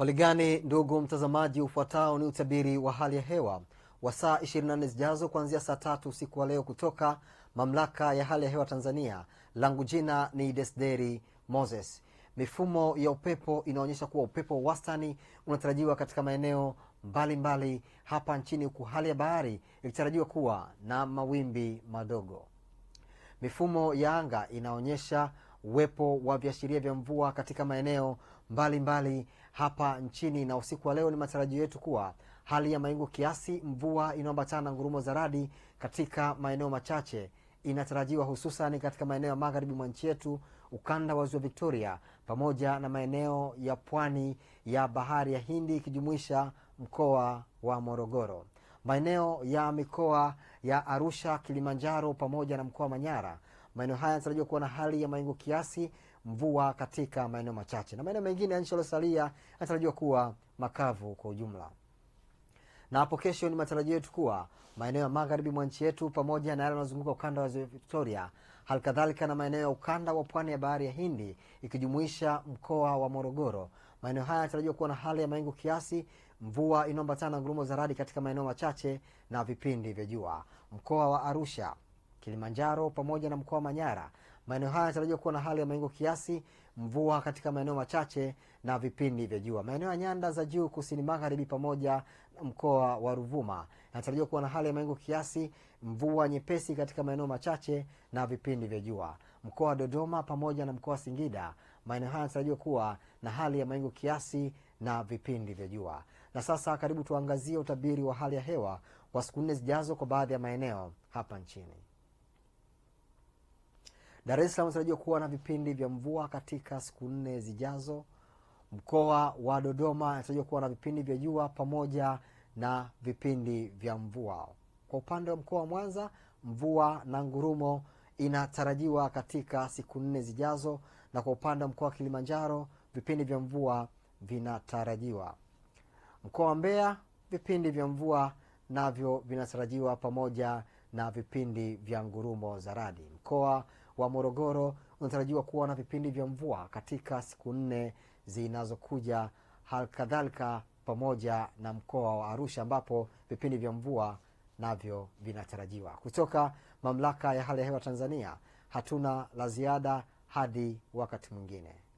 Haligani ndugu mtazamaji, ufuatao ni utabiri wa hali ya hewa wa saa 24 zijazo kuanzia saa tatu usiku wa leo kutoka mamlaka ya hali ya hewa Tanzania. Langu jina ni Desderi Moses. Mifumo ya upepo inaonyesha kuwa upepo wa wastani unatarajiwa katika maeneo mbalimbali mbali hapa nchini, huku hali ya bahari ikitarajiwa kuwa na mawimbi madogo. Mifumo ya anga inaonyesha uwepo wa viashiria vya mvua katika maeneo mbalimbali mbali hapa nchini, na usiku wa leo ni matarajio yetu kuwa hali ya mawingu kiasi, mvua inayoambatana na ngurumo za radi katika maeneo machache inatarajiwa hususan katika maeneo ya magharibi mwa nchi yetu, ukanda wa ziwa Victoria pamoja na maeneo ya pwani ya bahari ya Hindi ikijumuisha mkoa wa Morogoro, maeneo ya mikoa ya Arusha, Kilimanjaro pamoja na mkoa wa Manyara Maeneo haya yanatarajiwa kuwa na hali ya mawingu kiasi, mvua katika maeneo machache, na maeneo mengine ya nchi yaliyosalia yanatarajiwa kuwa makavu kwa ujumla. Na hapo kesho ni matarajio yetu kuwa maeneo ya magharibi mwa nchi yetu pamoja na yale yanayozunguka ukanda wa ziwa Victoria, hali kadhalika na maeneo ya ukanda wa pwani ya bahari ya Hindi ikijumuisha mkoa wa Morogoro, maeneo haya yanatarajiwa kuwa na hali ya mawingu kiasi, mvua inayoambatana na ngurumo za radi katika maeneo machache na vipindi vya jua. Mkoa wa Arusha Kilimanjaro pamoja na mkoa wa Manyara. Maeneo haya yanatarajiwa kuwa na hali ya mawingu kiasi, mvua katika maeneo machache na vipindi vya jua. Maeneo ya nyanda za juu kusini magharibi pamoja na mkoa wa Ruvuma yanatarajiwa kuwa na hali ya mawingu kiasi, mvua nyepesi katika maeneo machache na vipindi vya jua. Mkoa wa Dodoma pamoja na mkoa wa Singida, maeneo haya yanatarajiwa kuwa na hali ya mawingu kiasi na vipindi vya jua. Na sasa karibu tuangazie utabiri wa hali ya hewa kwa siku nne zijazo kwa baadhi ya maeneo hapa nchini. Dar es Salaam inatarajiwa kuwa na vipindi vya mvua katika siku nne zijazo. Mkoa wa Dodoma inatarajiwa kuwa na vipindi vya jua pamoja na vipindi vya mvua. Kwa upande wa mkoa wa Mwanza, mvua na ngurumo inatarajiwa katika siku nne zijazo, na kwa upande wa mkoa wa Kilimanjaro vipindi vya mvua vinatarajiwa. Mkoa wa Mbeya vipindi vya mvua navyo vinatarajiwa pamoja na vipindi vya ngurumo za radi. Mkoa wa Morogoro unatarajiwa kuwa na vipindi vya mvua katika siku nne zinazokuja, halikadhalika pamoja na mkoa wa Arusha ambapo vipindi vya mvua navyo vinatarajiwa. Kutoka Mamlaka ya Hali ya Hewa Tanzania, hatuna la ziada hadi wakati mwingine.